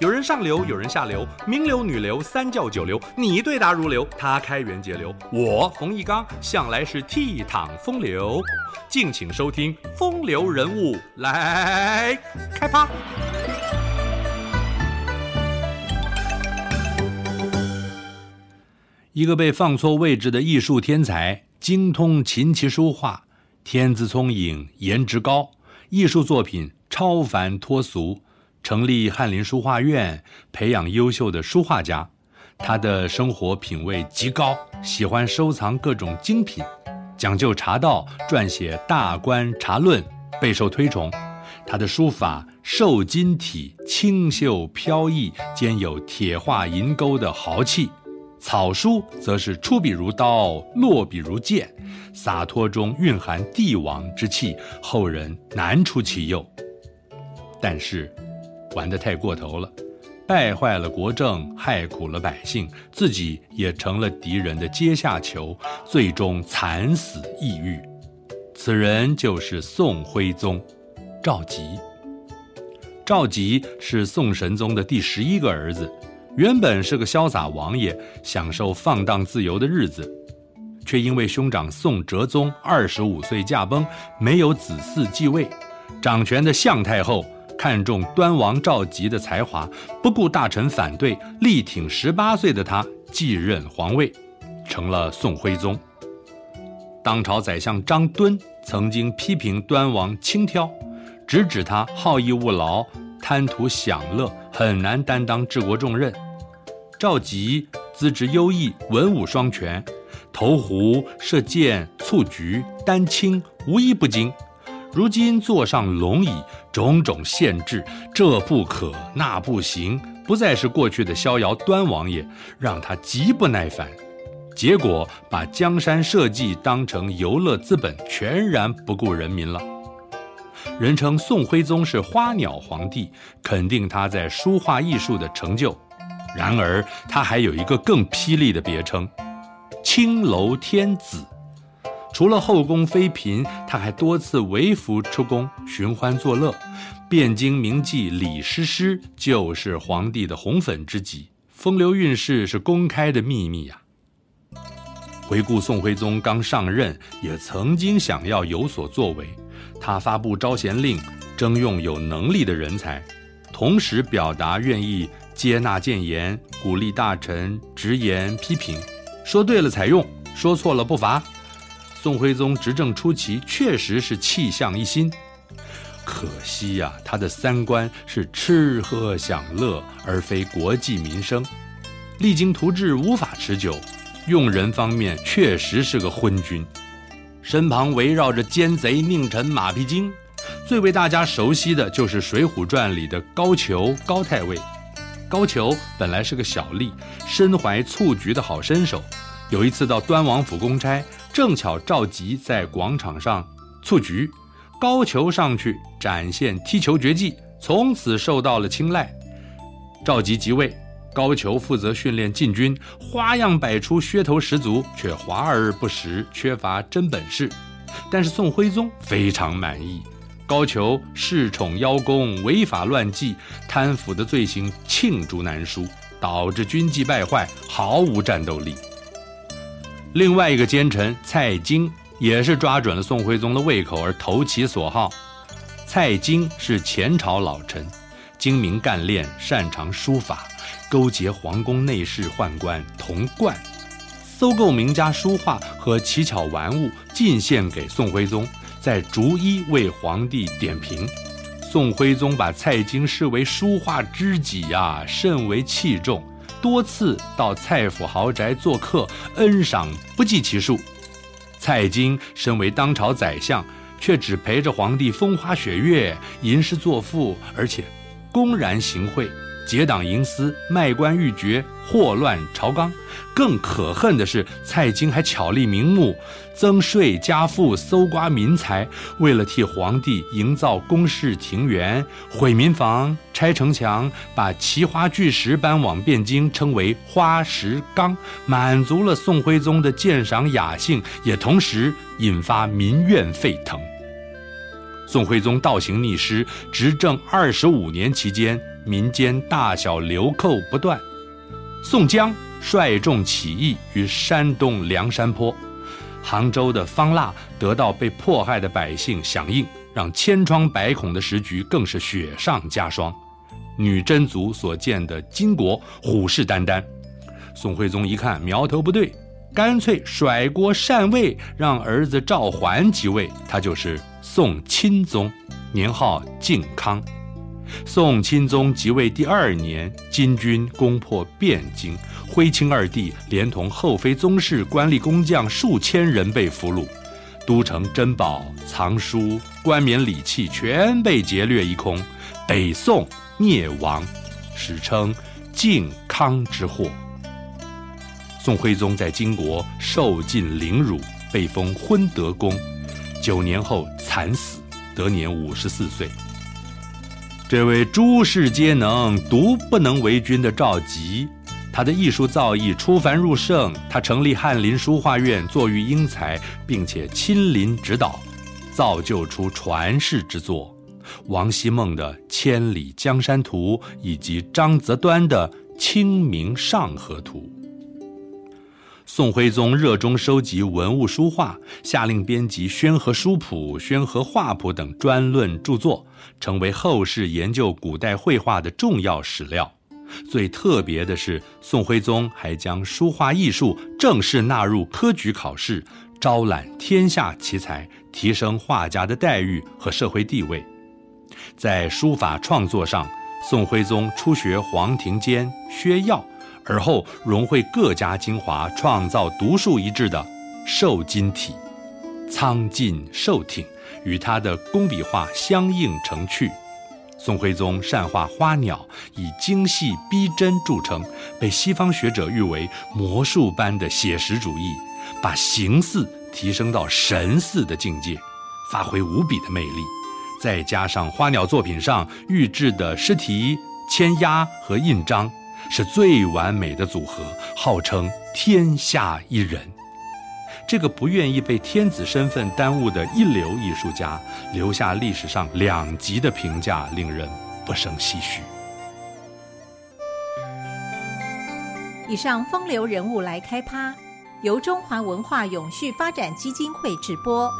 有人上流，有人下流，名流、女流、三教九流，你對答如流，他開源節流，我馮翊綱向來是倜儻風流。敬請收聽《風流人物》來，來開趴。一個被放錯位置的藝術天才，精通琴棋書畫，天資聰穎，顏值高，藝術作品超凡脫俗。成立翰林書畫院，培養優秀的書畫家。他的生活品味極高，喜歡收藏各種精品，講究茶道，撰寫大觀茶論，備受推崇。他的書法瘦金體清秀飄逸，兼有鐵畫銀鈎的豪氣；草書則是出筆如刀，落筆如劍，灑脫中蘊含帝王之氣，後人難出其右。但是。玩得太過頭了，敗壞了國政，害苦了百姓，自己也成了敵人的階下囚，最終慘死異域。此人就是宋徽宗趙佶。趙佶是宋神宗的第十一個兒子，原本是個瀟灑王爺，享受放蕩自由的日子，卻因為兄長宋哲宗二十五歲駕崩，沒有子嗣繼位，掌權的向太後。看中端王趙佶的才華，不顧大臣反對，力挺十八歲的他繼任皇位，成了宋徽宗。當朝宰相章惇曾經批評端王輕佻，直指他好逸惡勞、貪圖享樂，很難擔當治國重任。趙佶資質優異，文武雙全，投壺、射箭、蹴鞠、丹青，無一不精。如今坐上龍椅，種種限制，這不可那不行，不再是過去的逍遙端王爺，讓他極不耐煩，結果把江山社稷當成遊樂資本，全然不顧人民了。人稱宋徽宗是花鳥皇帝，肯定他在書畫藝術的成就，然而他還有一個更霹靂的別稱——青樓天子。除了後宮妃嬪，他還多次微服出宮尋歡作樂。汴京名妓李師師就是皇帝的紅粉知己。風流韻事是公開的秘密呀、啊。回顧宋徽宗剛上任，也曾經想要有所作為，他發布招賢令，徵用有能力的人才，同時表達願意接納諫言，鼓勵大臣直言批評，說對了採用，說錯了不罰。宋徽宗執政初期確實是氣象一新，可惜呀、啊，他的三觀是吃喝享樂，而非國計民生，勵精圖治無法持久，用人方面確實是個昏君，身旁圍繞着奸賊佞臣馬屁精，最為大家熟悉的就是《水滸傳》裡的高俅高太尉。高俅本來是個小吏，身懷蹴鞠的好身手，有一次到端王府公差。正巧趙佶在廣場上蹴鞠，高俅上去展現踢球絕技，從此受到了青睞。趙佶即位，高俅負責訓練禁軍，花樣百出，噱頭十足，卻華而不實，缺乏真本事。但是宋徽宗非常滿意，高俅恃寵邀功，違法亂紀，貪腐的罪行罄竹難書，導致軍紀敗壞，毫無戰鬥力。另外一個奸臣蔡京，也是抓準了宋徽宗的胃口而投其所好。蔡京是前朝老臣，精明幹練，擅長書法，勾結皇宮內侍宦官童貫，搜購名家書畫和奇巧玩物進獻給宋徽宗，再逐一為皇帝點評。宋徽宗把蔡京視為書畫知己呀、啊，甚為器重。多次到蔡府豪宅做客，恩賞不計其數。蔡京身為當朝宰相，卻只陪着皇帝風花雪月、吟詩作賦，而且公然行賄。結黨營私、賣官鬻爵、禍亂朝綱，更可恨的是，蔡京還巧立名目，增稅加賦、搜刮民財。為了替皇帝營造宮室庭園，毀民房、拆城牆，把奇花巨石搬往汴京，稱為“花石綱”，滿足了宋徽宗的鑑賞雅興，也同時引發民怨沸騰。宋徽宗倒行逆施，執政二十五年期間，民間大小流寇不斷。宋江率眾起義於山東梁山泊，杭州的方臘得到被迫害的百姓響應，讓千瘡百孔的時局更是雪上加霜。女真族所建的金國虎視眈眈，宋徽宗一看苗頭不對，乾脆甩鍋禪位，讓兒子趙桓即位，他就是。宋欽宗，年號靖康。宋欽宗即位第二年，金軍攻破汴京，徽欽二帝連同後妃、宗室、官吏、工匠數千人被俘虜，都城珍寶、藏書、冠冕禮器全被劫掠一空，北宋滅亡，史稱靖康之禍。宋徽宗在金國受盡凌辱，被封昏德公。九年後慘死，得年五十四歲。這位諸事皆能，獨不能為君的趙佶，他的藝術造詣出凡入聖。他成立翰林書畫院，作育英才，並且親臨指導，造就出傳世之作——王希孟的《千里江山圖》，以及張擇端的《清明上河圖》。宋徽宗熱衷收集文物書畫，下令編輯《宣和書譜》《宣和畫譜》等專論著作，成為後世研究古代繪畫的重要史料。最特別的是，宋徽宗還將書畫藝術正式納入科舉考試，招攬天下奇才，提升畫家的待遇和社會地位。在書法創作上，宋徽宗初學黃庭堅、薛曜。而後融會各家精華，創造獨樹一幟的瘦金體，蒼勁瘦挺，與他的工筆畫相映成趣。宋徽宗善畫花鳥，以精細逼真著稱，被西方學者譽為魔術般的寫實主義，把形似提升到神似的境界，發揮無比的魅力。再加上花鳥作品上御製的詩題、簽押和印章。是最完美的組合，號稱天下一人。這個不願意被天子身份耽誤的一流藝術家，留下歷史上兩極的評價，令人不勝唏噓。以上風流人物來開趴，由中華文化永續發展基金會直播。